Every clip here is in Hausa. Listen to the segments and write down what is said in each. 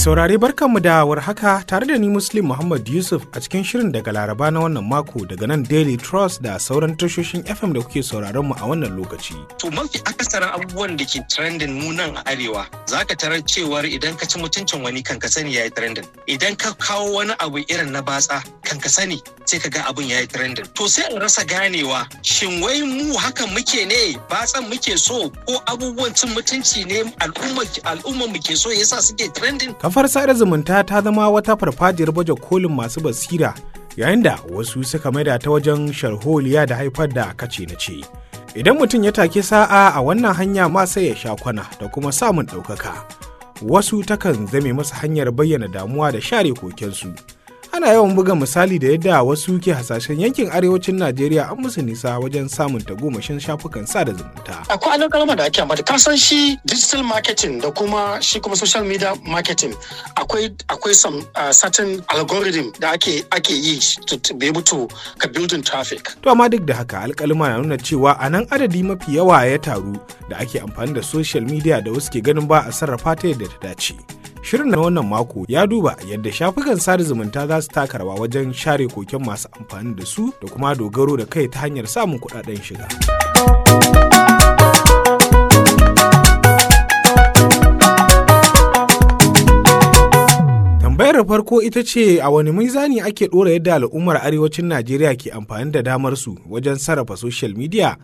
saurare barkanmu da haka, tare da ni Muslim Muhammad Yusuf a cikin shirin daga Laraba na wannan mako daga nan Daily Trust da sauran tashoshin FM da kuke sauraron mu a wannan lokaci. To mafi akasarin abubuwan da ke trending mu nan a arewa zaka tarar cewar idan ka ci mutuncin wani kan ka sani yayi trending. Idan ka kawo wani abu irin na batsa kan ka sani sai ka ga ya yayi trending. To sai in rasa ganewa shin wai mu hakan muke ne batsan muke so ko abubuwan cin mutunci ne al'ummar mu ke so yasa suke trending? kafar sada zumunta ta zama wata farfajiyar baje kolin masu basira yayin da wasu suka maida ta wajen sharholiya da haifar da kace na ce idan mutum ya take sa'a a wannan hanya ma sai ya sha kwana da kuma samun ɗaukaka wasu takan zame masa hanyar bayyana damuwa da share kokensu. su ana yawan buga misali da yadda wasu ke hasashen yankin arewacin najeriya an musu nisa wajen samun tagomashin shafukan sada zumunta akwai kalmar da ake amfani kasan shi digital marketing da kuma shi kuma social media marketing akwai akwai some uh, certain algorithm da ake ake yi to be able to ka building traffic to amma duk da haka alƙaluma na nuna cewa a nan adadi mafi yawa ya taru da ake amfani da social media da wasu ke ganin ba a sarrafa ta yadda ta dace Shirin na wannan mako ya duba yadda shafukan sada zumunta za su taka rawa wajen share koken masu amfani da su da kuma dogaro da kai ta hanyar samun kudaden shiga. tambayar da farko ita ce a wani mizani ake ɗora yadda al'ummar arewacin najeriya ke amfani da damar su wajen sarrafa social media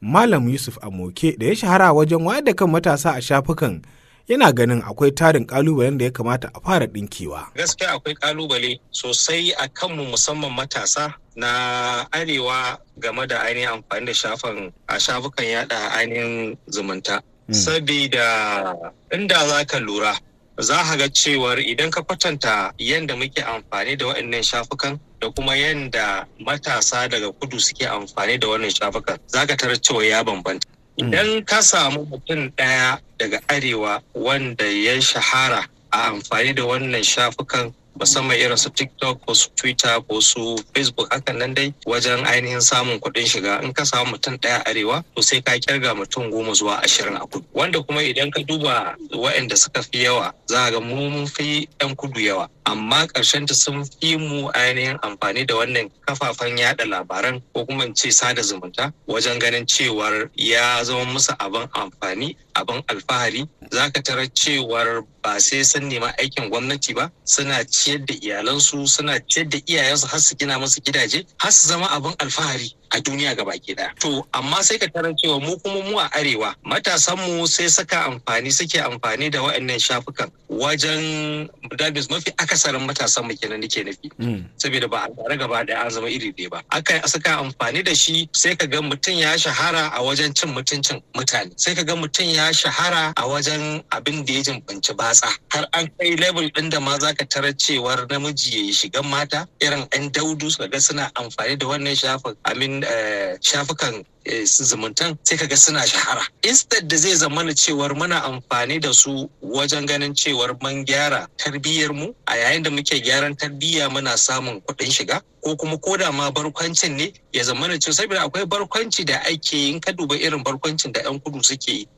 malam yusuf amoke da ya shahara wajen wayar da kan matasa a shafukan yana ganin akwai tarin kalubalen da ya kamata a fara ɗinkewa. Gaskiya akwai kalubale sosai a kanmu musamman matasa na arewa game da ainihin amfani da shafan a shafukan yada ainihin zumunta. Hmm. Sabida inda za ka lura za ka ga cewar idan ka kwatanta yadda muke amfani da waɗannan shafukan da kuma yadda matasa daga kudu suke amfani da wannan shafukan za ka tarar cewa ya bambanta. Idan ka samu mutum ɗaya daga arewa wanda ya shahara a amfani da wannan shafukan musamman irin su tiktok ko su twitter ko su facebook hakan nan dai wajen ainihin samun kuɗin shiga in ka samu mutum ɗaya arewa to sai ka kirga mutum goma zuwa ashirin a kudu wanda kuma idan ka duba waɗanda suka fi yawa za ga mu mun fi yan kudu yawa amma ƙarshen ta sun fi mu ainihin amfani da wannan kafafen yada labaran ko kuma in ce sada zumunta wajen ganin cewar ya zama musu abin amfani abin alfahari za ka tarar cewar ba sai sun nema aikin gwamnati ba suna ci ciyar da iyalansu suna ciyar da iyayensu har su gina masu gidaje har su zama abin alfahari a duniya gaba ke daya to amma sai ka tarar cewa mu kuma mu a arewa Matasanmu sai saka amfani suke amfani da waɗannan shafukan wajen dabis mafi akasarin matasan mu kenan nake nufi hmm. saboda ba a tare gaba da an zama iri ɗaya ba aka saka amfani da shi sai ka ga mutum ya shahara a wajen cin mutuncin mutane sai ka ga mutum ya shahara a wajen abin da ya jimbanci batsa har an kai level ɗin da ma zaka tarar cewar namiji ya yi shigan mata irin ɗan daudu suka ga suna amfani da wannan shafin amin Eh, shafukan eh, zumuntan sai kaga suna shahara instead da zai zamana cewar muna amfani da su wajen ganin cewar man gyara tarbiyyar mu a yayin da muke gyaran tarbiyya muna samun kuɗin shiga ko kuma ko da ma barkwancin ne ya zamana cewa saboda akwai barkwanci da ake yin ka duba irin barkwancin da 'yan kudu suke yi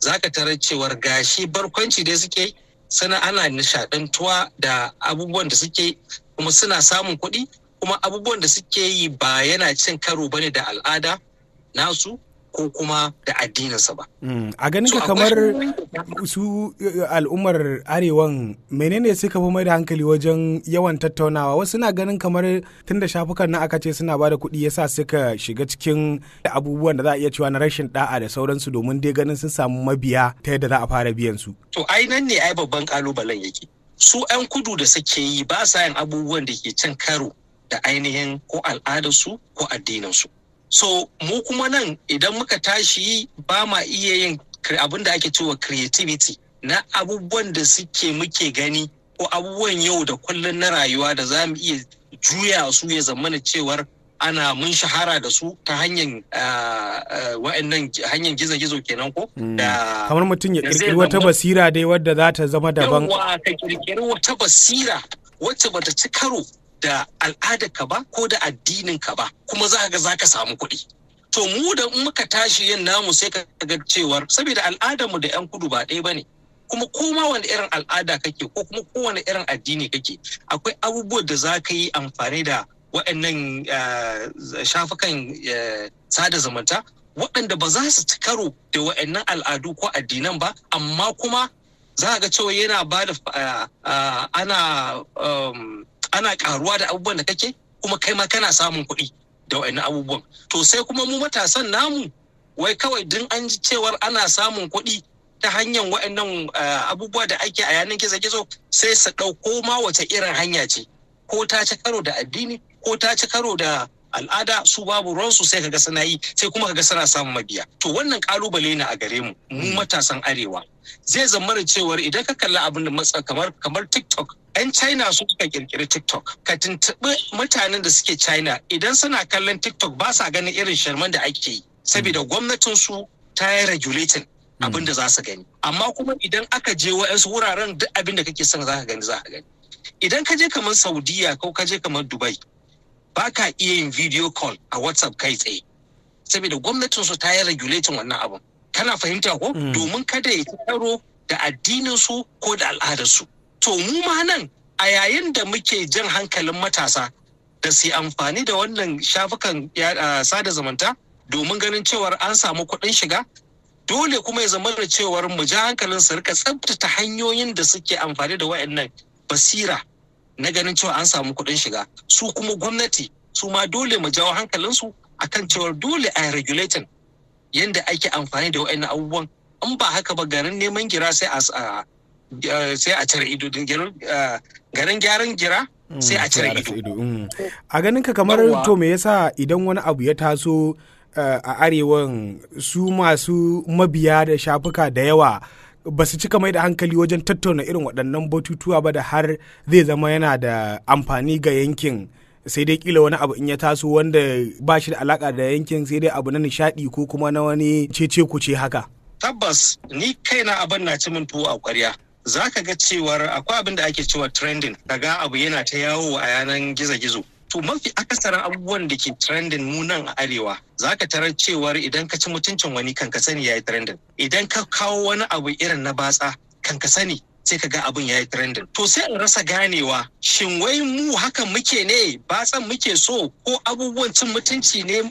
zaka tarar cewar gashi barkwanci dai suke yi sana ana nishadantuwa da abubuwan da suke kuma suna samun kuɗi kuma abubuwan da suke yi ba yana cin karo bane da al'ada nasu ko kuma da addininsa ba. Hmm. A ganin ka kamar su uh, al'ummar arewan menene suka fi mai da hankali wajen yawan tattaunawa wasu na ganin kamar tun da shafukan na aka ce suna ba da kuɗi yasa suka shiga cikin abubuwan da za a iya cewa na rashin da'a da sauransu domin dai ganin sun samu mabiya ta yadda za a fara biyan su. To ai nan ne ai babban kalubalen yake. Su 'yan kudu da suke yi ba sa yin abubuwan da ke cin karo da ainihin ko al'adarsu ko addininsu. So mu kuma nan idan muka tashi ba ma iya yin abin da ake cewa creativity na abubuwan da suke muke gani ko abubuwan yau da kullum na rayuwa da za mu iya juya su ya zamana cewar ana mun shahara da su ta hanyar ah, ah, wa'annan hanyar gizo-gizo kenan ko hmm. da kamar mutum ya kirkiri wata basira dai wadda za ta zama daban Yawwa ka kirkiri wata basira wacce bata ci karo da al'adarka ba ko da addininka ba kuma za ga za ka samu kuɗi to mu da muka tashi yin namu sai ka ga cewar saboda al'adarmu da 'yan kudu ba ɗaya ba ne kuma koma wani irin al'ada kake ko kuma kowane irin addini kake akwai abubuwa da za ka yi amfani da waɗannan eh, shafukan eh, sada zumunta waɗanda ba za su ci karo da waɗannan al'adu ko addinan ba amma kuma za ga cewa yana ba da eh, ana um, ana karuwa da abubuwan da kake kuma kai ma kana samun kuɗi da wa'annan abubuwan to sai kuma mu matasan namu wai kawai din an ji cewar ana samun kuɗi ta hanyar wa'annan eh, abubuwa da ake a yanar gizo gizo sai su ɗauko ma wace irin hanya ce ko ta ci karo da addini ko ta ci karo da al'ada su babu ruwansu sai kaga suna yi sai kuma kaga suna samun mabiya to wannan kalubale ne a gare mu mu hmm. matasan arewa zai zama da cewar idan ka kalli abin da matsa kamar kamar tiktok 'yan china su suka kirkiri tiktok ka tuntuɓi mutanen da suke china idan suna kallon tiktok ba sa ganin irin sharman da ake yi saboda hmm. gwamnatin su ta yi regulating hmm. abin da za su gani amma kuma idan aka je wa'yansu wuraren duk abin da kake son za ka gani za ka gani idan ka je kamar saudiya ko ka je kamar dubai ba ka iya yin video call a whatsapp kai tsaye saboda gwamnatin su ta yi regulating wannan abun kana fahimta ko hmm. domin kada ya karo da addinin su ko da al'adar su to mu ma nan a yayin da muke jan hankalin matasa da su amfani da wannan shafukan sada zumunta domin ganin cewar an samu kuɗin shiga dole kuma ya zama da cewar mu ja hankalin su rika tsabtata hanyoyin da suke amfani da wayannan basira na ganin cewa an samu kuɗin shiga su kuma gwamnati su ma dole mu jawo hankalinsu kan cewa dole a regulating yadda ake amfani da wa'annan abubuwan in ba haka ba garin neman gira sai a sai a cire ido garin gyaran gira mm, sai a cire ido mm. a ganin ka kamar to me yasa idan wani abu ya taso eh, a arewan su masu mabiya da shafuka da yawa ba su cika mai da hankali wajen tattauna irin waɗannan batutuwa ba da har zai zama yana da amfani ga yankin sai dai kila wani abu in ya taso wanda ba shi da alaka da yankin sai dai abu na nishaɗi ko kuma na wani cece kuce haka tabbas ni kaina abin na ci min tuwo a kwarya za ka ga cewar akwai abin da ake cewa trending kaga abu yana ta yawo a yanan gizo-gizo to mafi akasarin abubuwan da ke trending mu nan a arewa Za ka tarar cewar idan ka ci mutuncin wani kan ka sani yi trending idan ka kawo wani abu irin na batsa kan ka sani sai ka ga abin ya yi trending. To sai in rasa ganewa shin wai mu haka muke ne batsan muke so ko abubuwan cin mutunci ne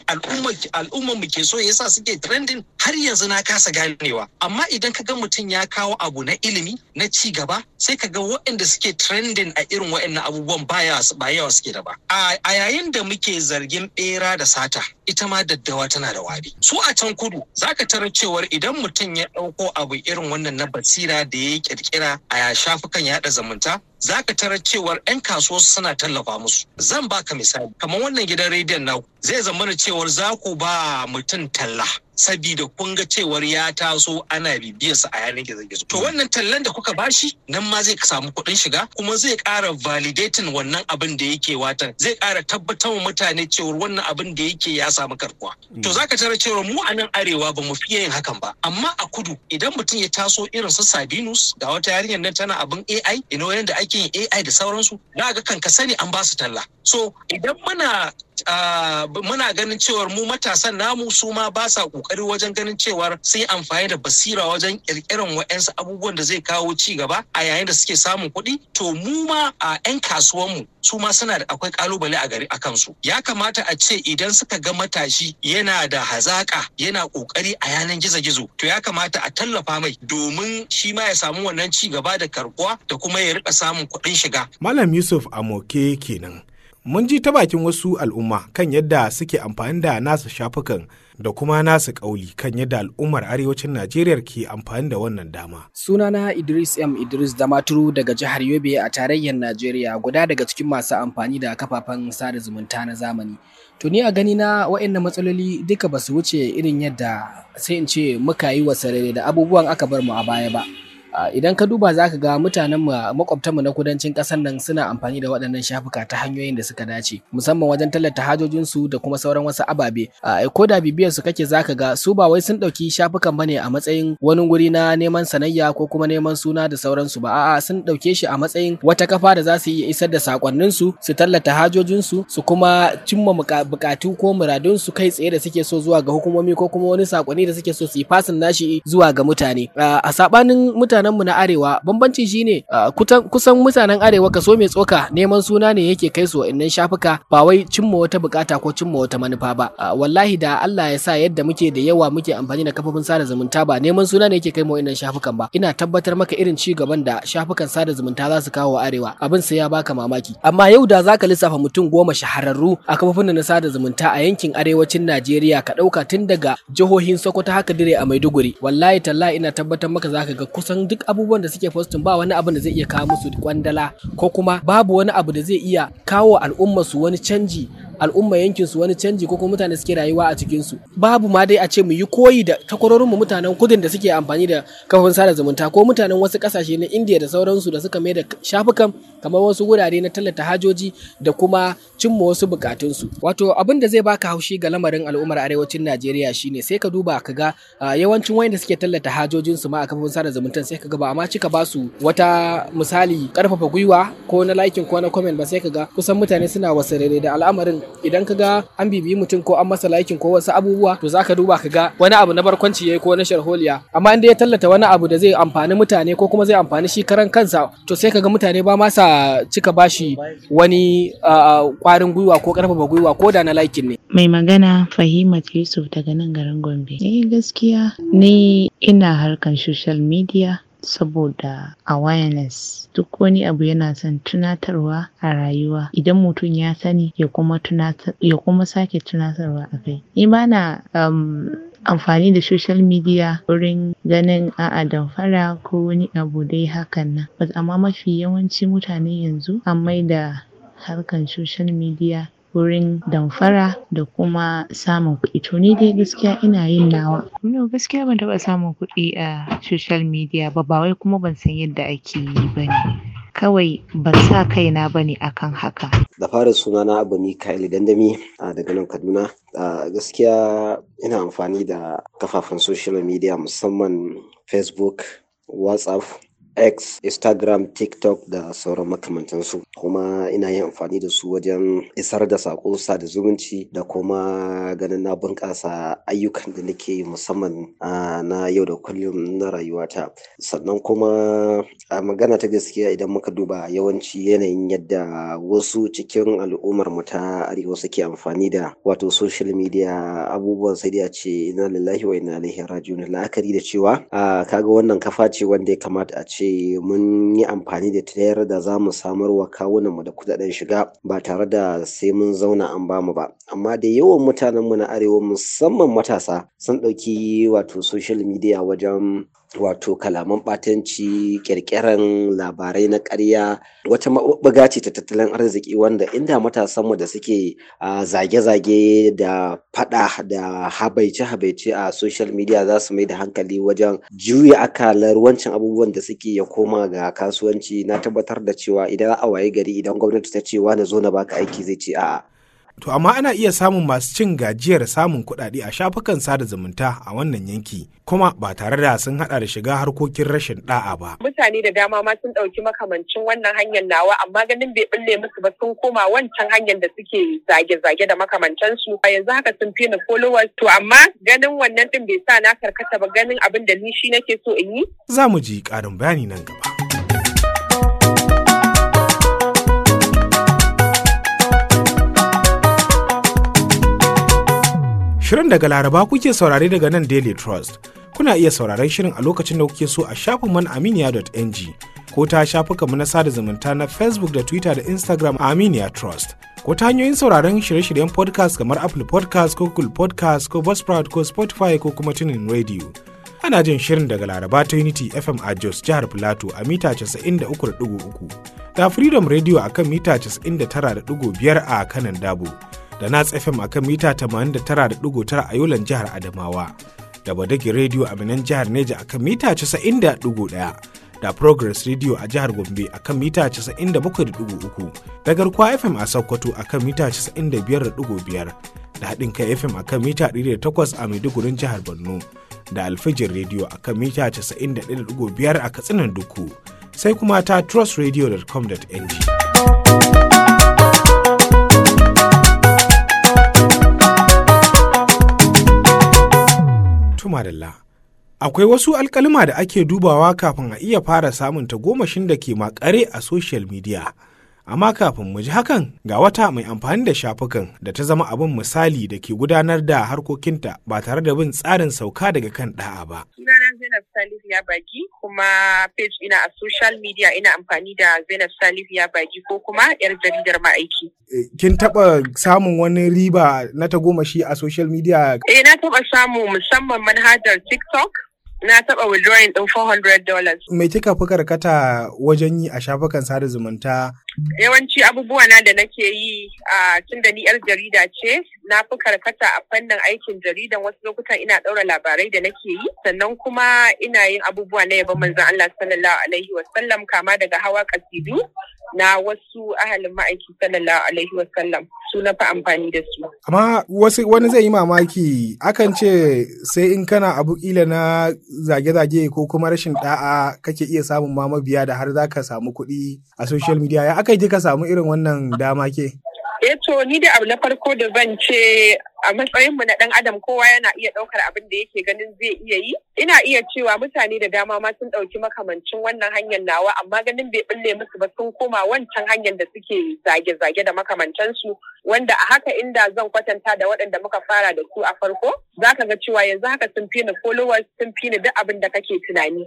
al'ummar muke ke so sa suke trending har yanzu na kasa ganewa. Amma idan ka ga mutum ya kawo abu na ilimi na ci gaba sai ka ga waɗanda suke trending a irin waɗannan abubuwan ba yawa suke da ba. A yayin da muke zargin bera da sata ita ma daddawa tana da wari. Su a can kudu za ka tarar cewar idan mutum ya ɗauko abu irin wannan na basira da ya ƙirƙira a shafukan yaɗa zamunta? za ka tarar cewar 'yan su suna tallafa musu zan baka misali kamar wannan gidan rediyon naku zai zamana cewar za ku ba mutum talla sabida kun ga cewar ya taso ana bibiyarsa a yanar gizo-gizo. To wannan tallan da kuka bashi nan ma zai samu kuɗin shiga kuma zai ƙara validating wannan abin da yake watan zai ƙara tabbatar wa mutane cewar wannan abin da yake ya samu karkuwa. To zaka tara cewar mu a nan arewa ba mu fiye yin hakan ba amma a kudu idan mutum ya taso irin su Sabinus ga wata yarinyar nan tana abin AI ina wanda ake suke AI da sauransu na ga kan ka sani an ba su talla so idan muna muna ganin cewar mu matasan namu su ma ba sa kokari wajen ganin cewar sun amfani da basira wajen kirkiran wa'yansu abubuwan da zai kawo ci gaba a yayin da suke samun kuɗi to mu ma a 'yan kasuwanmu su ma suna da akwai kalubale a gari a kansu ya kamata a ce idan suka ga matashi yana da hazaka yana kokari a yanan gizo-gizo to ya kamata a tallafa mai domin shi ma ya samu wannan ci gaba da karbuwa da kuma ya riƙa samun kuɗin shiga malam yusuf amoke kenan Mun ji ta bakin wasu al'umma kan yadda suke amfani da nasu shafukan da kuma nasu ƙauli kan yadda al'ummar arewacin Najeriya ke amfani da wannan dama. Sunana Idris M. Idris Damaturu daga jihar Yobe a tarayyar Najeriya guda daga cikin masu amfani da kafafen sada zumunta na zamani. To ni a gani na wa'annan matsaloli duka ba su wuce irin yadda sai in ce muka yi wasarere da abubuwan aka bar mu a baya ba. Ah, idan ka duba za ka ga mutanen mu na kudancin ƙasar nan suna amfani da waɗannan shafuka ta hanyoyin da suka dace musamman wajen tallata hajojinsu da kuma sauran wasu ababe ah, ko da bibiyar su kake zaka ga su ba wai sun ɗauki shafukan bane a matsayin wani guri na neman sanayya ko kuma neman suna da sauransu ba a'a sun ɗauke shi a matsayin wata kafa da za su iya isar da sakonnin su su tallata hajojinsu su kuma cimma bukatu ko muradun su kai tsaye da suke so zuwa ga hukumomi ko kuma wani sakonni da suke so su yi fasin nashi zuwa ga mutane ah, a sabanin mutane mu na arewa bambancin shine kusan mutanen arewa kaso mai tsoka neman suna ne yake kai su wa'annan shafuka ba wai cimma wata bukata ko cimma wata manufa ba wallahi da Allah ya sa yadda muke da yawa muke amfani da kafofin sada zumunta ba neman suna ne yake kai mu wa'annan shafukan ba ina tabbatar maka irin ci gaban da shafukan sada zumunta za su kawo arewa abin sai ya baka mamaki amma yau da zaka lissafa mutum goma shahararru a kafofin na sada zumunta a yankin arewacin Najeriya ka dauka tun daga jihohin Sokoto haka dire a Maiduguri wallahi tallahi ina tabbatar maka zaka ga kusan duk abubuwan da suke postin ba wani abu da zai iya kawo musu kwandala ko kuma babu wani abu da zai iya kawo al'umma su wani canji al'umma yankin su wani canji ko kuma mutane suke rayuwa a cikin su babu ma dai a ce mu yi koyi da takwarorin mu mutanen kudin da suke amfani da kafofin sada zumunta ko mutanen wasu kasashe na Indiya da sauransu da suka mai da shafukan kamar wasu wurare na tallata hajoji da kuma cimma wasu bukatunsu wato abin da zai baka haushi ga lamarin al'ummar arewacin najeriya shine sai ka duba ka ga yawancin wayanda suke tallata hajojinsu ma a kafofin sada zumunta sai ka ga ba amma cika ba wata misali karfafa gwiwa ko na liking ko na comment ba sai ka ga kusan mutane suna wasarere da al'amarin idan ka ga an bibiyi mutum ko an masa liking ko wasu abubuwa to zaka duba ka ga wani abu na barkwanci yayi ko na sharholiya amma inda ya tallata wani abu da zai amfani mutane ko kuma zai amfani shi karan kansa to sai ka ga mutane ba ma sa cika bashi wani kwarin gwiwa ko karfafa gwiwa ko da na laikin ne mai magana fahimat yusuf daga nan garin gombe eh gaskiya ni ina harkan social media saboda awareness duk wani abu yana son tunatarwa a rayuwa idan mutum ya sani ya kuma sake tunatarwa a kai ni bana um, amfani da social media wurin ganin a'a damfara ko wani abu dai hakan nan amma mafi yawanci mutane yanzu an maida harkan social media wurin damfara da kuma samun kuɗi to ni dai gaskiya ina yin nawa no gaskiya ban taɓa samun kuɗi a social media ba ba wai kuma ban san yadda ake yi ba ne kawai ban sa kaina ba ne akan haka. Da fara sunana abu Mikael Dandami daga nan Kaduna. Gaskiya ina amfani da kafafen social media musamman Facebook, WhatsApp, X, Instagram, TikTok da sauran makamantansu. Kuma ina yin amfani da su wajen isar da saƙo da zumunci da kuma ganin na bunƙasa ayyukan da nake musamman na yau da kullum na rayuwata. Sannan kuma a magana ta gaskiya idan muka duba yawanci yanayin yadda wasu cikin al'ummar mu ta arewa suke amfani da wato social media abubuwan sai a ce ina lillahi wa ina ilaihi raji'un la'akari da cewa kaga wannan kafa ce wanda ya kamata a ce ce mun yi amfani da ta yar da za mu samar wa kawunanmu da kuɗaɗen shiga ba tare da sai mun zauna an bamu ba. Amma da yawan mutanenmu na arewa musamman matasa sun ɗauki wato social media wajen wato kalaman ɓatanci ƙirƙiran labarai na ƙarya wata maɓuɓɓuga ce ta tattalin arziki wanda inda matasanmu da suke zage-zage da faɗa da habaice-habaice a social media za su mai da hankali wajen juya akalar wancan abubuwan da suke ya koma ga kasuwanci na tabbatar da cewa idan a waye gari idan gwamnati ta ce na zo na baka aiki zai ce a'a To amma ana iya samun masu cin gajiyar samun kuɗaɗe a shafukan sada zumunta a wannan yanki kuma ba tare da sun haɗa da shiga harkokin rashin ɗa'a ba. Mutane da dama ma sun ɗauki makamancin wannan hanyar nawa amma ganin bai ɓulle musu ba sun koma wancan hanyar da suke zage-zage da makamancin su. A yanzu haka sun fi ni followers to amma ganin wannan din bai sa na karkata ba ganin abin da ni shi nake so in yi. Za mu ji ƙarin bayani nan gaba. Shirin daga Laraba kuke saurare daga nan Daily Trust. Kuna iya sauraren shirin a lokacin da kuke so a shafin man aminiya.ng ko ta shafukanmu na sada zumunta na Facebook da Twitter da Instagram a Aminiya Trust. Ko ta hanyoyin sauraron shirye-shiryen podcast kamar Apple Podcast ko Google Podcast ko Buzzsprout ko Spotify ko kuma Tunin Radio. Ana jin shirin daga Laraba ta Unity FM a Jos jihar Plateau a mita 93.3 da Freedom Radio a kan mita biyar a kanan Dabo. da Nats FM a kan mita 89.9 a yulan jihar Adamawa, da Badagi Radio a Minan jihar Neja a kan mita 90.1, da Progress Radio a jihar Gombe a kan mita 97.3, da Garkuwa FM a Sokoto a kan mita 95.5, da haɗin kai FM a kan mita 108 a Maiduguri jihar Borno, da Alfijin Radio a kan mita 91.5 a Katsinan Duku, sai kuma ta trustradio.com.ng. tuma la. Akwai wasu alkalima da ake dubawa kafin a iya fara samun tagomashin da ke makare a social media. amma kafin mu ji hakan ga wata mai amfani da shafukan da ta zama abin misali da ke gudanar da harkokinta ba tare da bin tsarin sauka daga kan da'a ba. Sunana Zainab Salif ya bagi kuma page ina a social media ina amfani da Zainab Salif ya bagi ko kuma yar jaridar ma'aiki. Eh, kin taba samun wani riba na tagomashi a social media? Eh na taba samu musamman manhajar TikTok na taɓa withdrawing ɗin $400. Mai kika fi karkata wajen yi a shafukan sada zumunta yawanci abubuwa na da nake yi a tun da ni yar jarida ce na fi karkata a fannin aikin jaridan wasu lokutan ina ɗaura labarai da nake yi sannan kuma ina yin abubuwa na yabon manzon Allah sallallahu alaihi wasallam kama daga hawa kasidu na wasu ahalin ma'aiki sallallahu alaihi wasallam su na fi amfani da su. Amma wasu wani zai yi mamaki akan ce sai in kana abu ila na zage-zage ko kuma rashin ɗa'a kake iya samun mamabiya da har zaka samu kuɗi a social media ya aka yi ka samu irin wannan dama ke? Eh, To ni da abu na farko da zan ce a matsayin mu na ɗan adam kowa yana iya ɗaukar abin da yake ganin zai iya yi. Ina iya cewa mutane da dama ma sun ɗauki makamancin wannan hanyar nawa amma ganin bai bulle musu ba sun koma wancan hanyar da suke zage-zage da su wanda a haka inda zan kwatanta da waɗanda muka fara da su a farko zaka ga cewa yanzu haka sun fi ni followers sun fi ni duk abin da kake tunani.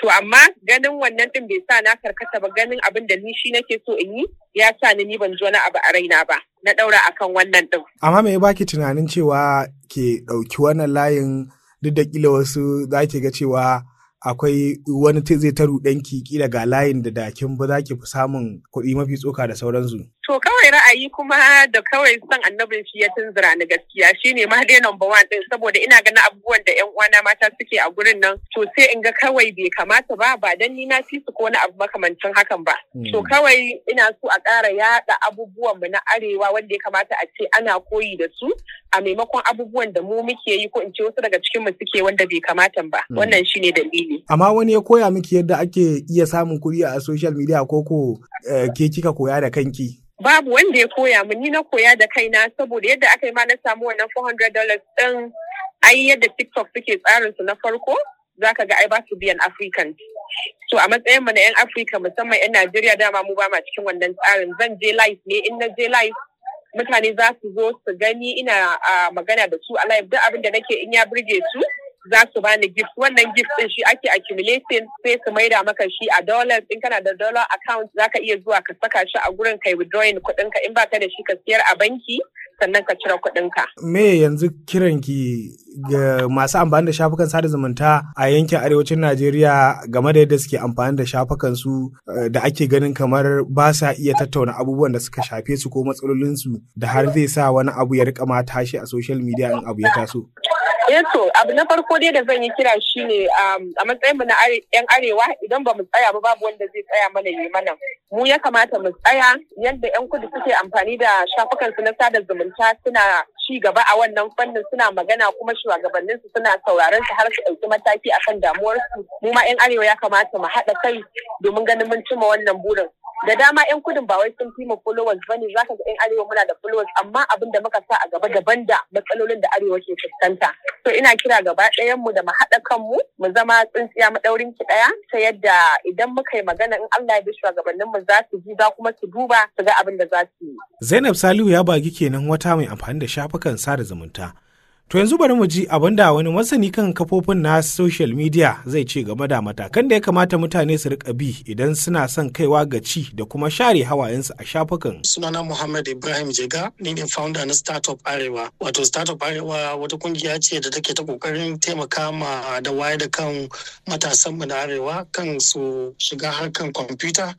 To amma ganin wannan ɗin bai sa na karkata ba ganin abin da ni shi nake so in yi ya sa ni ni ban ji wani abu a raina ba. na ɗaura akan wannan ɗau. Amma me baki tunanin cewa ke ɗauki wannan layin duk da kila wasu za ki ga cewa akwai wani zai ta ruɗanki ƙila ga layin da dakin ba za ki fi samun kuɗi mafi tsoka da sauransu. To kawai ra'ayi kuma da kawai son annabin shi ya tunzura ni gaskiya shine ma dai number one din saboda ina ganin abubuwan da yan uwana mata suke a gurin nan to sai in ga kawai bai kamata ba ba dan ni na fi su ko wani abu makamancin hakan ba. Hmm. To kawai ina so a ƙara yaɗa abubuwan mu na arewa wanda ya kamata a ce ana koyi da su a maimakon abubuwan da mu muke yi ko in ce wasu daga cikin mu suke wanda bai kamata ba. Hmm. Wannan shi ne dalili. Amma wani ya koya miki yadda ake iya samun kuɗi a social media ko ko eh, ke kika koya da kanki? babu wanda ya koya mu ni na koya da kaina saboda yadda aka yi ma na samu wannan 400 dollars din ai yadda TikTok suke tsarin su na farko zaka ga ai ba su biyan African so a matsayin mu na yan Africa musamman yan Najeriya dama mu ba ma cikin wannan tsarin zan je live ne in na je live mutane za su zo su gani ina ah, magana da su a live duk abin da nake in ya burge su za su bani gift wannan gift din shi ake accumulating sai su maida maka shi a dollars in kana da dollar account za ka iya zuwa ka saka shi a gurin kai withdrawing kuɗin ka in ba ka da shi ka siyar a banki sannan ka cire kuɗin ka me yanzu kiran ki ga masu amfani da shafukan sada zumunta a yankin arewacin Najeriya game da yadda suke amfani da shafukan su eh, da ake ganin kamar ba sa iya tattauna abubuwan da suka shafe su ko matsalolin su da har zai sa wani abu ya rika ma tashi a social media in abu ya taso Eh to abu na farko dai da zan yi kira shine um, a matsayin mu na yan arewa idan ba mu tsaya ba babu wanda zai tsaya mana yi mana mu ya kamata mu tsaya yadda yan kudu suke amfani da shafukan su na sada zumunta suna ci gaba a wannan fannin suna magana kuma shugabannin su suna sauraron su har su ɗauki mataki akan damuwar su mu ma yan arewa ya kamata mu haɗa kai domin ganin mun cimma wannan burin da dama yan kudin ba wai sun fi mu followers bane zaka ga yan arewa muna da followers amma abin da muka sa a gaba daban da matsalolin da arewa ke fuskanta to ina kira gaba ɗayan mu da mu haɗa kanmu mu zama tsintsiya maɗaurin ki ɗaya ta yadda idan muka yi magana in Allah ya bi shugabannin mu za su ji za kuma su duba su ga abin da za su yi Zainab Salihu ya bagi kenan wata mai amfani da shafukan sada zumunta To yanzu bari mu ji abin da wani masani kan kafofin na social media zai ce game da matakan da ya kamata mutane su rika bi idan suna son kaiwa ga ci da kuma share hawayensu a shafukan. Sunana Muhammad Ibrahim Jega ni ne founder na Startup Arewa. Wato Startup Arewa wata kungiya ce da take ta kokarin taimaka ma da waye da kan matasan mu na Arewa kan su shiga harkan kwamfuta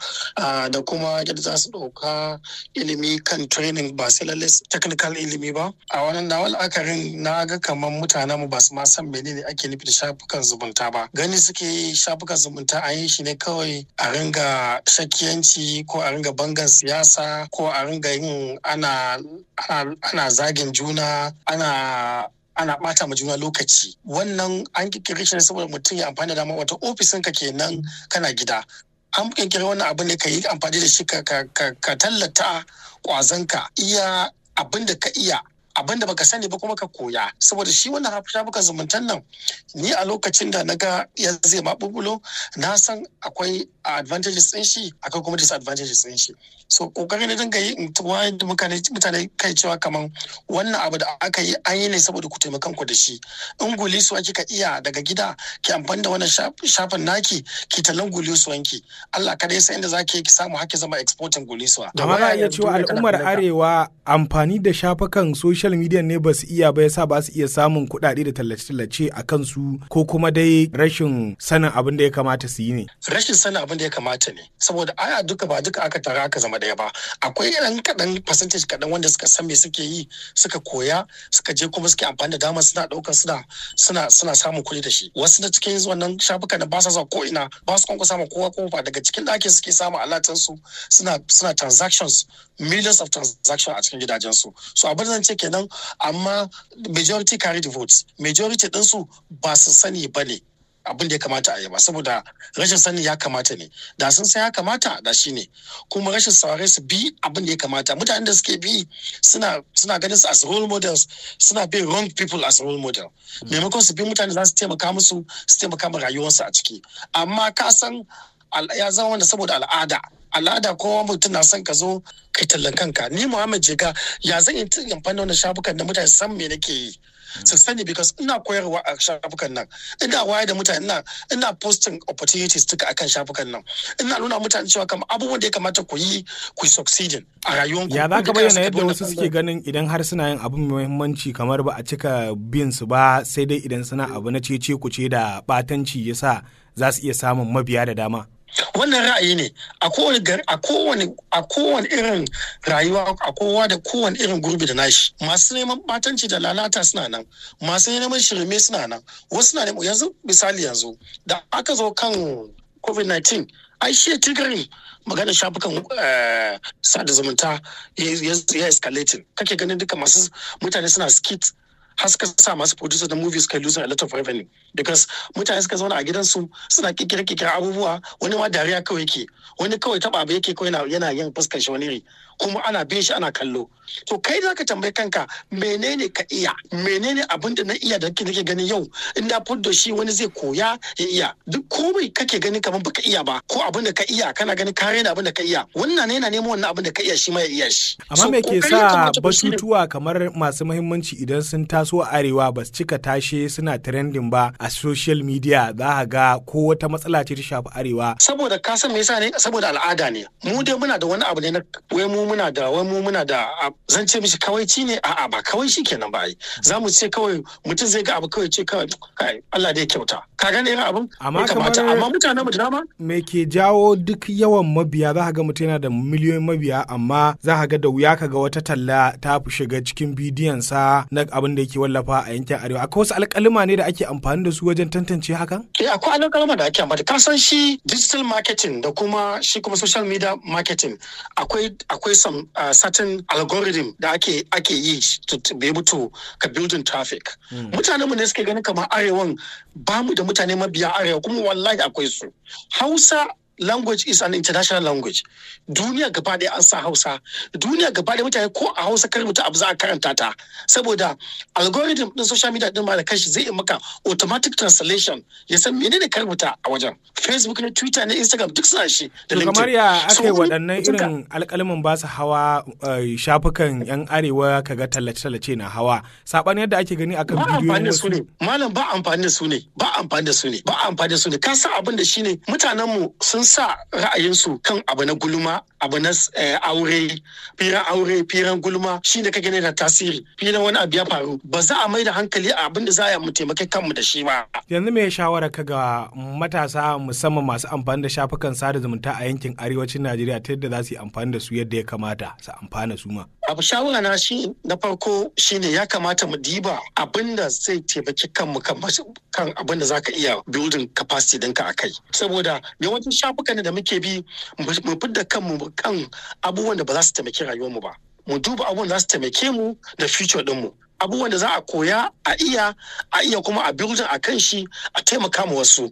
da kuma yadda za su ɗauka ilimi kan training ba sai technical ilimi ba. A wannan nawal akarin na ga kamar mutanen mu ba su ma san menene ake nufi da shafukan zumunta ba gani suke shafukan zumunta an yi shi ne kawai a ringa shakiyanci ko a ringa bangan siyasa ko a ringa yin ana ana zagin juna ana ana bata ma juna lokaci wannan an kirkire shi ne saboda mutum ya amfani da wata ofisin ka kenan kana gida an kirkiri wannan abu ne ka yi amfani da shi ka tallata kwazanka iya abin da ka iya abin da baka sani ba kuma ka koya saboda shi wannan shafuka zumuntan nan ni a lokacin da na ga ya zai ma na san akwai a advantages din shi akan kuma disadvantages din shi so kokarin da dinga yi da mutane mutane kai cewa kaman wannan abu da aka yi an yi ne saboda ku taimakan ku da shi in gulisuwa kika iya daga gida ki amfani da wannan shafin naki ki talan gulisuwanki Allah kada yasa inda zaki ki samu haƙƙi zama exporting gulisuwa da ma iya cewa al'ummar arewa amfani da shafukan social media ne ba su iya ba yasa ba su iya samun kuɗaɗe da tallace-tallace a kansu ko kuma dai rashin sanin abin da ya kamata su yi ne rashin sanin abin da ya kamata ne saboda aya duka ba duka aka tara aka zama daya ba akwai irin kadan percentage kadan wanda suka san me suke yi suka koya suka je kuma suke amfani da dama suna ɗaukar suna suna suna samun kuɗi da shi wasu da cikin wannan shafukan da ba su zuwa ko ina ba su kwankwasa ma kowa kofa daga cikin da ake suke samun alatan su suna suna transactions millions of transactions a cikin gidajen su so abin zan ce kenan amma majority carry the votes majority su ba su sani ba ne abin da ya kamata a yi ba saboda rashin sani ya kamata ne da sun san ya kamata da shi ne kuma rashin saurare su bi abin da ya kamata mutanen da suke bi suna suna ganin su as role models suna bin wrong people as role model hmm. maimakon su bi mutane za su taimaka musu su taimaka ma rayuwarsu a ciki amma ka san ya zama wanda saboda al'ada al'ada kowa mutum na son ka zo kai tallan kanka ni Muhammad Jega ya zan yi amfani da wannan shafukan da mutane san me nake yi su hmm. sani because ina koyarwa a shafukan nan ina wayar da mutane ina ina posting opportunities duka akan shafukan nan ina nuna mutane cewa kam abubuwan da ya kamata ku yi ku succeed. a ku ya za ka bayyana yadda wasu suke ganin idan har suna yin abu mai muhimmanci kamar ba a cika bin su ba sai dai idan suna abu na cece ku ce da batanci yasa za su iya samun mabiya da dama wannan ra'ayi ne a kowane irin rayuwa a kowa da kowane irin gurbi da nashi masu neman batanci da lalata suna nan masu neman shirme suna nan wasu na neman yanzu misali yanzu da aka zo kan covid-19 ai shi tigiri magana shafukan eh, sada zumunta ya escalating kake ganin duka masu mutane suna skit har suka sa masu producer da movies kai lose a lot of revenue because mutane suka zauna a su suna kikira kikira abubuwa wani ma dariya kawai yake wani kawai taba abu yake kawai yana yin fuskar shi wani iri kuma ana bin shi ana kallo to kai za ka tambayi kanka menene ka iya menene abin da na iya da nake gani yau in da fuddo shi wani zai koya ya iya duk komai kake gani kamar baka iya ba ko abin da ka iya kana gani ka rena abin da ka iya wannan ne yana neman wannan abin da ka iya shi ma ya iya shi amma me ke sa batutuwa kamar masu muhimmanci idan sun taso arewa ba su cika tashe suna trending ba a social media za a ga ko wata matsala ce ta shafi arewa. Saboda ka san me yasa ne saboda al'ada ne. Mu dai muna da wani abu ne na wai mu muna da wai mu muna da zan ce mishi ci ne a'a ba kawai shi kenan ba ai. Za mu ce kawai mutum zai ga abu kawai ce kawai kai Allah dai kyauta. Ka gane irin abin? Amma kamar amma mutanen mu dama me ke jawo duk yawan mabiya za ga mutum yana da miliyoyin mabiya amma za ga da wuya ka ga wata talla ta fi shiga cikin bidiyon sa na abin da yake wallafa a yankin arewa. Akwai wasu alƙaluma ne da ake amfani da su wajen tantance hakan? Eh akwai da ake amfani ka san shi digital marketing da kuma shi kuma social media marketing akwai akwai some uh, certain algorithm da ake ake yi to be able to ka building traffic. Hmm. Mutanen mu ne suke ganin kamar arewan ba mu da mutane mabiya arewa kuma wallahi akwai su. Hausa language is an international language duniya gaba ɗaya an sa hausa duniya gaba ɗaya mutane ko a hausa kar mutu abu za a karanta ta saboda algorithm din social media din ma da kashi zai maka automatic translation ya san menene kar muta a wajen facebook ne twitter ne instagram duk suna shi da linkedin kamar ya ake yi waɗannan irin alƙalmin ba su hawa eh, shafukan yan arewa kaga tallace-tallace na hawa saban yadda ake gani akan bidiyoyin ne malam ba amfani da su ne ba amfani da su ne ba amfani da su ne ka san abin da shine mutanen mu sun sun sa ra'ayinsu kan abu na gulma abu na eh, aure firan aure firan gulma shi da kake na tasiri firan wani abu ya faru ba za a mai da hankali a abin da za a mu taimake kanmu da shi ba yanzu me shawara ka ga matasa musamman masu amfani da shafukan sada zumunta a yankin arewacin Najeriya ta yadda za su yi amfani da su yadda ya kamata su amfana su ma abu shawara na shi na farko shine ya kamata mu diba abinda zai taimaki kanmu kan abinda zaka iya building capacity dinka akai saboda yawancin shafukan da muke bi mu fidda kanmu kan abubuwan da ba za su taimaki rayuwarmu ba mu duba abubuwan za su taimake mu da future dinmu abubuwan da za a koya a iya a iya kuma a building a kan shi a taimaka ma wasu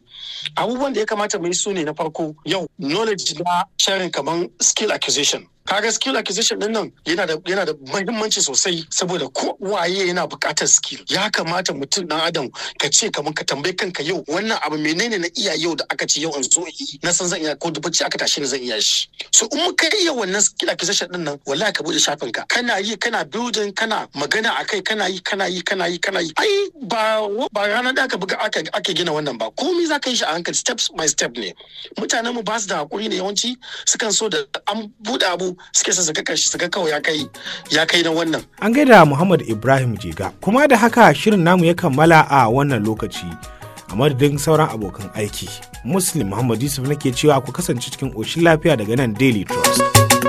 abubuwan da ya kamata mu yi su ne na farko yau knowledge na sharing kamar skill acquisition kaga skill acquisition din nan yana da yana da muhimmanci sosai saboda ko waye yana buƙatar skill ya kamata mutum dan adam ka ce kamar ka tambayi kanka yau wannan abu menene na iya yau da aka ce yau an zo yi na san zan iya ko da bacci aka tashi ni zan iya shi so in muka iya wannan skill acquisition din nan wallahi ka bude shafin ka kana yi kana building kana magana akai kana kana yi kana yi kana yi kana yi ai ba ba ranar da aka buga aka gina wannan ba komai za ka yi shi a hankali steps by step ne mutanen mu ba su da hakuri ne yawanci sukan so da an buɗe abu suke sa su su ka kawo ya kai ya kai na wannan an gaida Muhammad Ibrahim Jega kuma da haka shirin namu ya kammala a wannan lokaci a madadin sauran abokan aiki muslim muhammad yusuf nake cewa ku kasance cikin ƙoshin lafiya daga nan daily trust